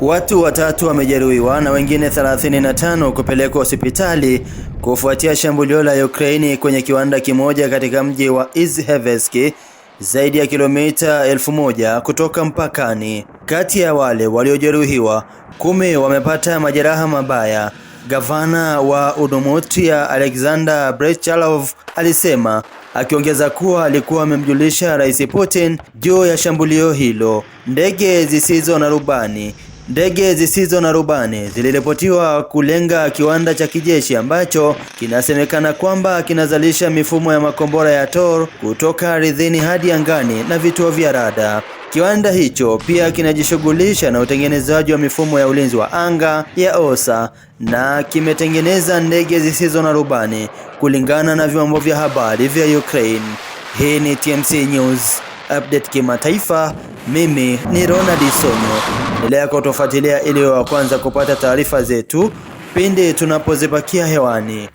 Watu watatu wamejeruhiwa na wengine 35 kupelekwa hospitali kufuatia shambulio la Ukraini kwenye kiwanda kimoja katika mji wa Izhevsk zaidi ya kilomita elfu moja kutoka mpakani. Kati ya wale waliojeruhiwa kumi wamepata majeraha mabaya. Gavana wa Udomotia Alexander Brechalov alisema akiongeza kuwa alikuwa amemjulisha Rais Putin juu ya shambulio hilo. Ndege zisizo na rubani Ndege zisizo na rubani ziliripotiwa kulenga kiwanda cha kijeshi ambacho kinasemekana kwamba kinazalisha mifumo ya makombora ya Tor kutoka ardhini hadi angani na vituo vya rada. Kiwanda hicho pia kinajishughulisha na utengenezaji wa mifumo ya ulinzi wa anga ya Osa na kimetengeneza ndege zisizo na rubani kulingana na vyombo vya habari vya Ukraine. Hii ni TMC News update kimataifa. Mimi ni Ronald Sonyo, endelea kutufuatilia ili wa kwanza kupata taarifa zetu pindi tunapozipakia hewani.